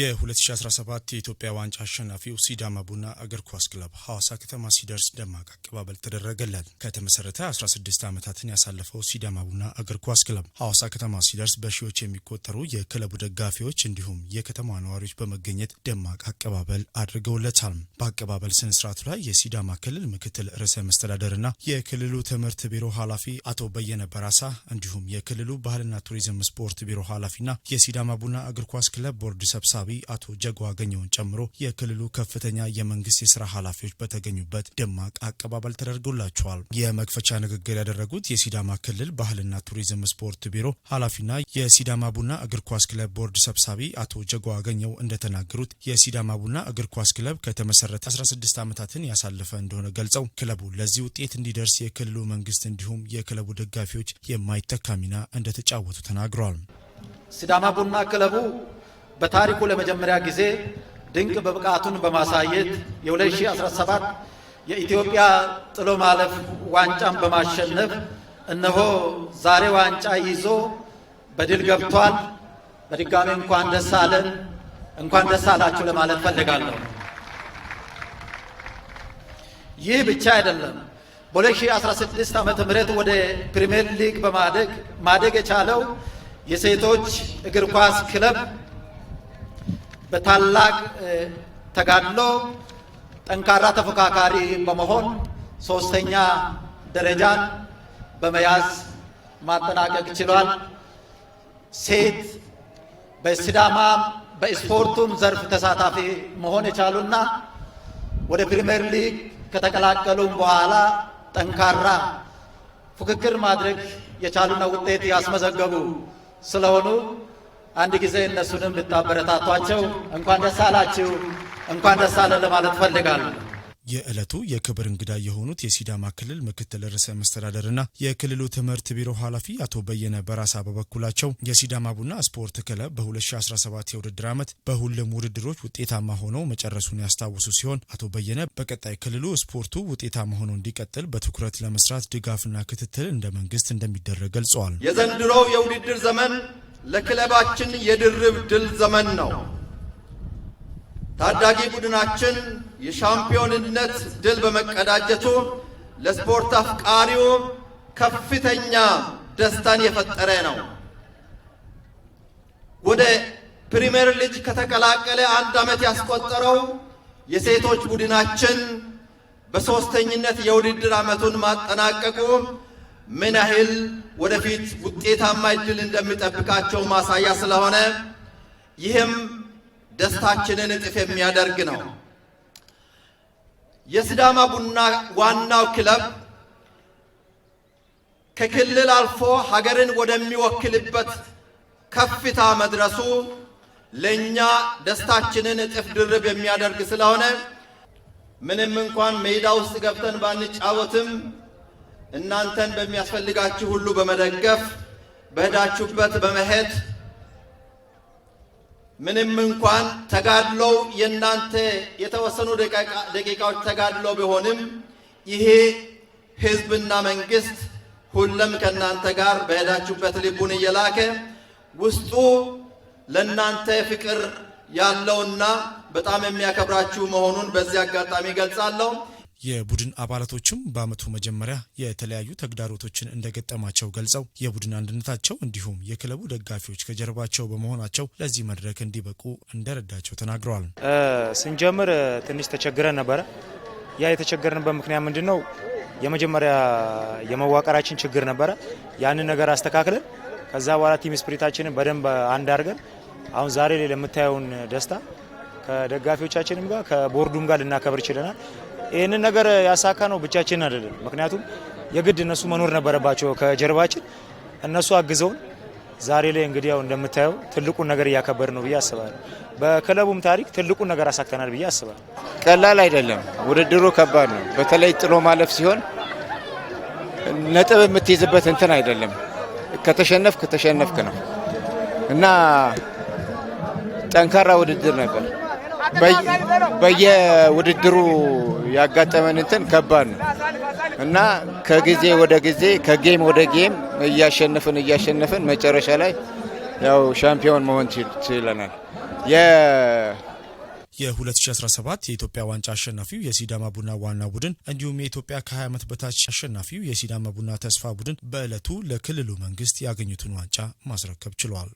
የ2017 የኢትዮጵያ ዋንጫ አሸናፊው ሲዳማ ቡና እግር ኳስ ክለብ ሐዋሳ ከተማ ሲደርስ ደማቅ አቀባበል ተደረገለት። ከተመሰረተ 16 ዓመታትን ያሳለፈው ሲዳማ ቡና እግር ኳስ ክለብ ሐዋሳ ከተማ ሲደርስ በሺዎች የሚቆጠሩ የክለቡ ደጋፊዎች እንዲሁም የከተማ ነዋሪዎች በመገኘት ደማቅ አቀባበል አድርገውለታል። በአቀባበል ስነ ስርዓቱ ላይ የሲዳማ ክልል ምክትል ርዕሰ መስተዳደርና የክልሉ ትምህርት ቢሮ ኃላፊ አቶ በየነ በራሳ እንዲሁም የክልሉ ባህልና ቱሪዝም ስፖርት ቢሮ ኃላፊና የሲዳማ ቡና እግር ኳስ ክለብ ቦርድ ሰብሳቢ አካባቢ አቶ ጀጎ አገኘውን ጨምሮ የክልሉ ከፍተኛ የመንግስት የስራ ኃላፊዎች በተገኙበት ደማቅ አቀባበል ተደርጎላቸዋል። የመክፈቻ ንግግር ያደረጉት የሲዳማ ክልል ባህልና ቱሪዝም ስፖርት ቢሮ ኃላፊና የሲዳማ ቡና እግር ኳስ ክለብ ቦርድ ሰብሳቢ አቶ ጀጎ አገኘው እንደተናገሩት የሲዳማ ቡና እግር ኳስ ክለብ ከተመሰረተ 16 ዓመታትን ያሳለፈ እንደሆነ ገልጸው ክለቡ ለዚህ ውጤት እንዲደርስ የክልሉ መንግስት እንዲሁም የክለቡ ደጋፊዎች የማይተካ ሚና እንደተጫወቱ ተናግረዋል። ሲዳማ ቡና ክለቡ በታሪኩ ለመጀመሪያ ጊዜ ድንቅ በብቃቱን በማሳየት የ2017 የኢትዮጵያ ጥሎ ማለፍ ዋንጫን በማሸነፍ እነሆ ዛሬ ዋንጫ ይዞ በድል ገብቷል። በድጋሚ እንኳን ደስ አለን፣ እንኳን ደስ አላችሁ ለማለት ፈልጋለሁ። ይህ ብቻ አይደለም። በ2016 ዓ ም ወደ ፕሪምየር ሊግ በማደግ ማደግ የቻለው የሴቶች እግር ኳስ ክለብ በታላቅ ተጋድሎ ጠንካራ ተፎካካሪ በመሆን ሶስተኛ ደረጃን በመያዝ ማጠናቀቅ ችሏል። ሴት በሲዳማ በስፖርቱም ዘርፍ ተሳታፊ መሆን የቻሉና ወደ ፕሪምየር ሊግ ከተቀላቀሉም በኋላ ጠንካራ ፉክክር ማድረግ የቻሉና ውጤት ያስመዘገቡ ስለሆኑ አንድ ጊዜ እነሱንም ልታበረታቷቸው እንኳን ደስ አላችሁ እንኳን ደስ አለ ለማለት ፈልጋለሁ። የዕለቱ የክብር እንግዳ የሆኑት የሲዳማ ክልል ምክትል ርዕሰ መስተዳደርና የክልሉ ትምህርት ቢሮ ኃላፊ አቶ በየነ በራሳ በበኩላቸው የሲዳማ ቡና ስፖርት ክለብ በ2017 የውድድር ዓመት በሁሉም ውድድሮች ውጤታማ ሆነው መጨረሱን ያስታውሱ ሲሆን አቶ በየነ በቀጣይ ክልሉ ስፖርቱ ውጤታማ ሆኖ እንዲቀጥል በትኩረት ለመስራት ድጋፍና ክትትል እንደ መንግስት እንደሚደረግ ገልጸዋል። የዘንድሮው የውድድር ዘመን ለክለባችን የድርብ ድል ዘመን ነው። ታዳጊ ቡድናችን የሻምፒዮንነት ድል በመቀዳጀቱ ለስፖርት አፍቃሪው ከፍተኛ ደስታን የፈጠረ ነው። ወደ ፕሪምየር ሊግ ከተቀላቀለ አንድ ዓመት ያስቆጠረው የሴቶች ቡድናችን በሦስተኝነት የውድድር ዓመቱን ማጠናቀቁ ምን ያህል ወደፊት ውጤታማ እድል እንደሚጠብቃቸው ማሳያ ስለሆነ ይህም ደስታችንን እጥፍ የሚያደርግ ነው። የስዳማ ቡና ዋናው ክለብ ከክልል አልፎ ሀገርን ወደሚወክልበት ከፍታ መድረሱ ለእኛ ደስታችንን እጥፍ ድርብ የሚያደርግ ስለሆነ ምንም እንኳን ሜዳ ውስጥ ገብተን ባንጫወትም እናንተን በሚያስፈልጋችሁ ሁሉ በመደገፍ በሄዳችሁበት በመሄድ ምንም እንኳን ተጋድሎው የእናንተ የተወሰኑ ደቂቃዎች ተጋድሎ ቢሆንም ይሄ ህዝብና መንግስት ሁለም ከእናንተ ጋር በሄዳችሁበት ልቡን እየላከ ውስጡ ለእናንተ ፍቅር ያለውና በጣም የሚያከብራችሁ መሆኑን በዚህ አጋጣሚ ገልጻለሁ። የቡድን አባላቶችም በአመቱ መጀመሪያ የተለያዩ ተግዳሮቶችን እንደገጠማቸው ገልጸው የቡድን አንድነታቸው እንዲሁም የክለቡ ደጋፊዎች ከጀርባቸው በመሆናቸው ለዚህ መድረክ እንዲበቁ እንደረዳቸው ተናግረዋል። ስንጀምር ትንሽ ተቸግረን ነበረ። ያ የተቸገርንበት ምክንያት ምንድን ነው? የመጀመሪያ የመዋቀራችን ችግር ነበረ። ያንን ነገር አስተካክለን ከዛ በኋላ ቲም ስፕሪታችንን በደንብ አንድ አድርገን አሁን ዛሬ ላይ ለምታየውን ደስታ ከደጋፊዎቻችንም ጋር ከቦርዱም ጋር ልናከብር ችለናል። ይህንን ነገር ያሳካ ነው ብቻችን አይደለም። ምክንያቱም የግድ እነሱ መኖር ነበረባቸው ከጀርባችን። እነሱ አግዘውን ዛሬ ላይ እንግዲህ ያው እንደምታየው ትልቁን ነገር እያከበር ነው ብዬ አስባለሁ። በክለቡም ታሪክ ትልቁን ነገር አሳክተናል ብዬ አስባለሁ። ቀላል አይደለም፣ ውድድሩ ከባድ ነው። በተለይ ጥሎ ማለፍ ሲሆን ነጥብ የምትይዝበት እንትን አይደለም። ከተሸነፍክ ተሸነፍክ ነው እና ጠንካራ ውድድር ነበር። በየውድድሩ ያጋጠመን እንትን ከባድ ነው እና ከጊዜ ወደ ጊዜ ከጌም ወደ ጌም እያሸነፍን እያሸነፍን መጨረሻ ላይ ያው ሻምፒዮን መሆን ችለናል። የ2017 የኢትዮጵያ ዋንጫ አሸናፊው የሲዳማ ቡና ዋና ቡድን እንዲሁም የኢትዮጵያ ከ20 ዓመት በታች አሸናፊው የሲዳማ ቡና ተስፋ ቡድን በዕለቱ ለክልሉ መንግስት ያገኙትን ዋንጫ ማስረከብ ችሏል።